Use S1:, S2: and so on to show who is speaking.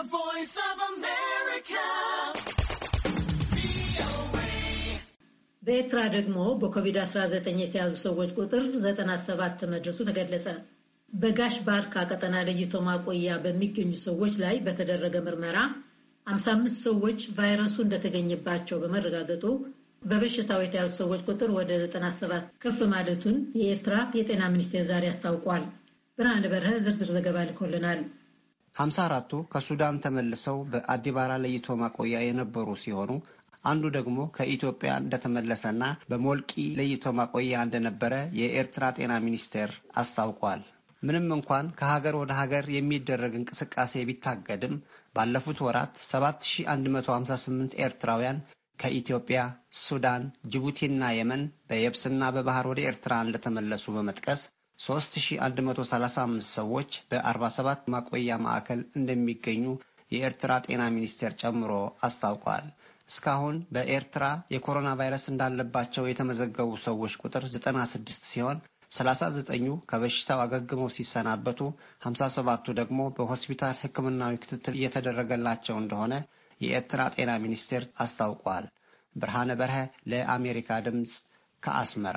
S1: The Voice of America. በኤርትራ ደግሞ በኮቪድ-19 የተያዙ ሰዎች ቁጥር 97 መድረሱ ተገለጸ። በጋሽ ባርካ ቀጠና ለይቶ ማቆያ በሚገኙ ሰዎች ላይ በተደረገ ምርመራ 55 ሰዎች ቫይረሱ እንደተገኘባቸው በመረጋገጡ በበሽታው የተያዙ ሰዎች ቁጥር ወደ 97 ከፍ ማለቱን የኤርትራ የጤና ሚኒስቴር ዛሬ አስታውቋል። ብርሃን በረሀ ዝርዝር ዘገባ ልኮልናል።
S2: ሀምሳ አራቱ ከሱዳን ተመልሰው በአዲባራ ለይቶ ማቆያ የነበሩ ሲሆኑ አንዱ ደግሞ ከኢትዮጵያ እንደተመለሰና በሞልቂ ለይቶ ማቆያ እንደነበረ የኤርትራ ጤና ሚኒስቴር አስታውቋል። ምንም እንኳን ከሀገር ወደ ሀገር የሚደረግ እንቅስቃሴ ቢታገድም ባለፉት ወራት 7158 ኤርትራውያን ከኢትዮጵያ፣ ሱዳን፣ ጅቡቲና የመን በየብስና በባህር ወደ ኤርትራ እንደተመለሱ በመጥቀስ 3135 ሰዎች በ47 ማቆያ ማዕከል እንደሚገኙ የኤርትራ ጤና ሚኒስቴር ጨምሮ አስታውቋል። እስካሁን በኤርትራ የኮሮና ቫይረስ እንዳለባቸው የተመዘገቡ ሰዎች ቁጥር 96 ሲሆን 39ኙ ከበሽታው አገግመው ሲሰናበቱ 57ቱ ደግሞ በሆስፒታል ሕክምናዊ ክትትል እየተደረገላቸው እንደሆነ የኤርትራ ጤና ሚኒስቴር አስታውቋል። ብርሃነ በርሀ ለአሜሪካ ድምፅ ከአስመራ